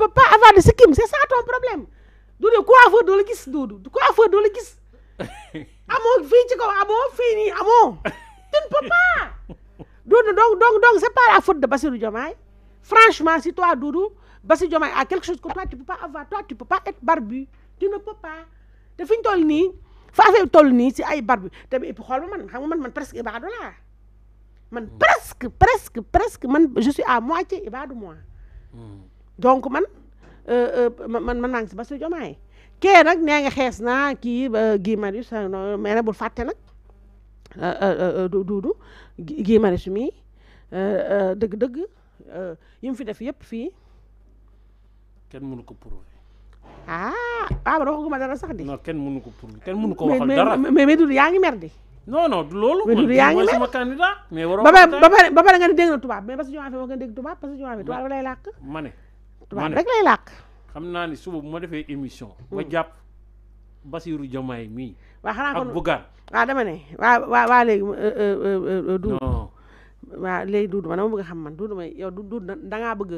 peux pas avoir de sikkim c'est ça ton problème d'où coiffeur quoi à gis d'où coiffeur quest la gis amoo fii ci kaw amoo fii tu ne peux pas d'où donc donc donc c'est pas la faute de Bassirou Diomaye franchement si toi Doudou Bassi Diomaye a quelque chose que toi tu peux pas avoir toi tu peux pas être barbu tu ne peux pas tu finis ton toll nii fa ton toll c'est si barbu tu es pour man xam man man presque ibaadu là man hmm. presque presque presque man je suis à moitié de moi hmm. donc man euh, euh, man man nang ngi si Bassirou Diomaye kee nag nee nga xees naa kii euh, Guy Marius euh, mais nag bul fàtte nag euh, Doudou Guy Marius euh deug deug euh yim fi def yépp fi kenn mënu ko prouver. ah ah man waxaguma dara sax di. non kenn mënu ko prouver kenn mënu ko waxal dara. mais mais mais yaangi merdi non non du lolu mais Doudou yaangi ngi mer candidat. mais waro ba ba ba nga ne dégg na tuba mais ba su jomay fi moo gën a dégg tubaab parce que jomay fi tubaab lay lak mané tubaab rek lay làkk xam naa ni suba bu ma defee émission wa hmm. jàpp Basiirou Diomaye mii waa xanaa kon ak Bougane ne waa waa waa léegi euh, euh, euh, duud waaw léegi duud ma xam man duud ma yow duud dangaa bëgg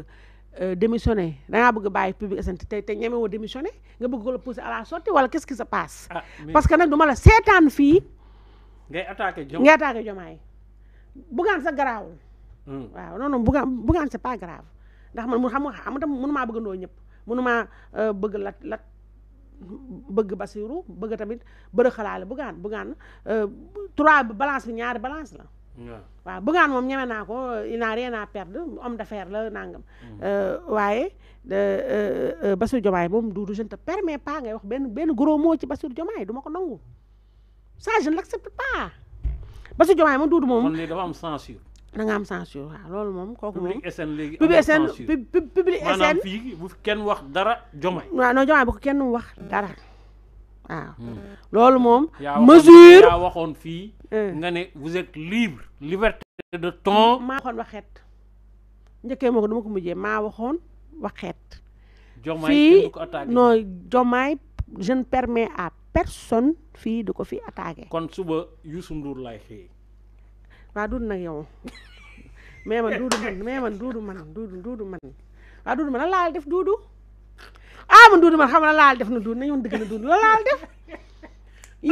démissionné dangaa bëgg bàyyi Public SN te te ñeme woo démissionné nga bëgg ko la pousser à la sortie wala qu'est-ce qui se passe ah, parce que nag du ma la seetaan fii ngay attaqué Diomaye ngay sa garaawul hmm. waaw non non sa Bougane c'est ndax man mu xam nga xam tam mënumaa bëggandoo ñëpp mënumaa euh, bëgg lat lat bëgg basiru bëgg tamit bëri xalaale bugaan bugaan euh, trois balance bi ñaari balance la waaw bugaan moom ñeme naa ko il n'a rien à perdre homme la nangam mm. euh, waaye Bassirou Diomaye moom du je ne te ngay wax benn benn gros mot ci Bassirou Diomaye du ma ko nangu ça je ne l'accepte pas Bassirou Diomaye moom duudu moom kon léegi dafa am censure da nga am censure loolu moom kooku public SN léegi public SN public SN bu kenn wax dara jomaay waaw non jomaay bu ko kenn wax dara waaw hmm. loolu moom mesure waxoon fii eh. nga ne vous êtes libre liberté de maa waxoon dama ko mujjee maa waxoon waxeet fii non jomaay je ne à personne fii du ko fi attaqué kon suba Youssou Ndour lay xëy waa duudu nag yow mais man duudu man mais man duudu man duudu duudu man waa duudu man lan laal def duudu ah man duudu man xam nga lan laal def na duudu nañu woon dëgg na duudu lan laal def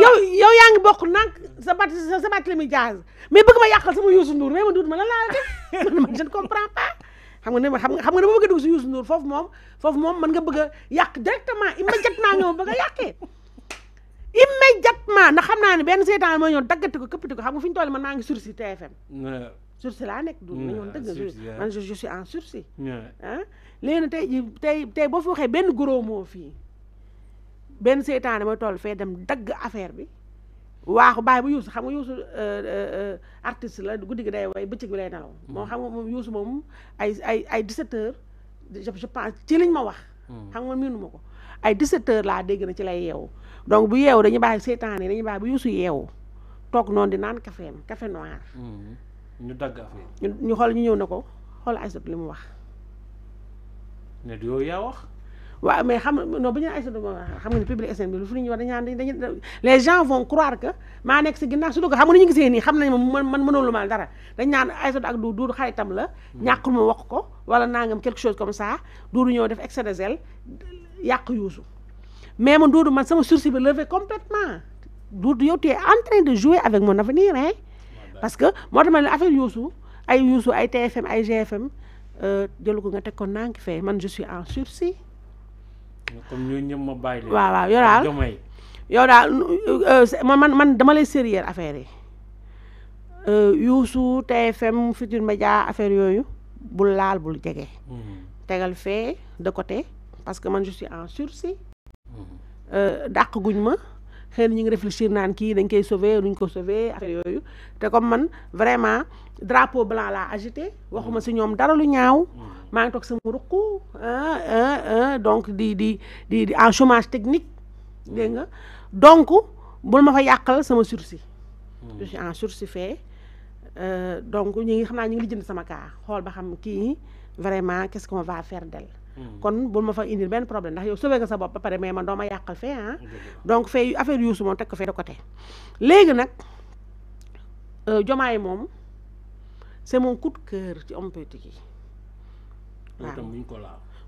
yow yow yaa ngi bokk nag sa bat sa bat li jaaz mais bëgg ma yàqal sama Youssou Ndour mais man duudu man lan laal def man je ne comprends pas. xam nga ne xam nga xam nga dama bëgg a dugg si foofu moom foofu moom mën nga bëgg a yàq directement immédiatement nga ma bëgg a yàqee immédiat ndax xam naa ni benn seetaan moo ñëw daggati ko këppati ko xam nga fi ñu toll man maa ngi sursi TFM sursi laa nekk du nañoon dëgg man je suis en tey tey tey boo fi waxee benn gros mot fii benn seetaan mooy toll fee dem dagg affaire bi waaxu bàyyi bu yuusu xam nga yuusu euh, euh, artiste la guddi gi day way bëccëg bi lay nelaw mm. moom xam nga moom yuusu moom ay ay ay 17 heures je ci liñ ma wax mm. xam nga miinu ma ko ay 17 heures laa dégg na ci lay yeewu donc bu yeewu dañuy bàyyi seetaan yi dañuy bàyyi bu yuusu yeewu toog non di naan café café noir. ñu dagg affaire ñu ñu xool ñu ñëw na ko xool Aïssatou li mu wax. ne du yow yaa wax. waaw mais xam non bu ñu nee Aïssatou xam nga ni public SN bi lu fu ñu wax dañu naan les gens vont croire que maa nekk si ginnaaw su dul ko xam nga ni ñu gisee nii xam nañu man man mënoon lu mal dara dañu naan Aïssatou ak du du xaritam la. Mm-hmm. ñàkkul ma wax ko wala nangam quelque chose comme ça du ñëw def excès de zèle. mais mon Doudou man sama sourcil bi levé complètement Doudou tu es en train de jouer avec mon avenir hein? parce que moi affaire TFM ay GFM Je suis nga je suis en sursis comme ma waaw yow euh, man man sérieux affaire euh, TFM Futur Média affaire yoyu, bul laal je suis mhm. de côté parce que man je suis en sursis mhm. euh, dàq guñ ma xëy na ngi réfléchir naan kii dañ koy sauver duñ ko sauver affaire yooyu te comme man vraiment drapeau blanc laa agité waxuma mhm. si ñoom dara lu ñaaw mhm. maa ngi toog sama ruq hein, hein, hein, donc di di di di en chômage technique dégg nga donc bul ma fa yàqal sama sursis je suis en sursis fait Euh, donc ñu ngi xam naa ñu ngi lijjanti sama cas xool ba xam kii vraiment qu'est-ce qu'on va faire d'elle Mm. kon bul ma fa indi benn problème ndax yow sauvé nga sa bopp ba pare mais man doo ma fee ah. donc fee affaire yuusu moom teg ko fee de côté léegi nag euh, yi moom c'est mon coup de cœur ci homme politique yi waaw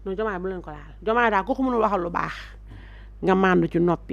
non jomaay bu leen ko laal jomaay daal ko ko mënul waxal lu baax nga màndu ci noppi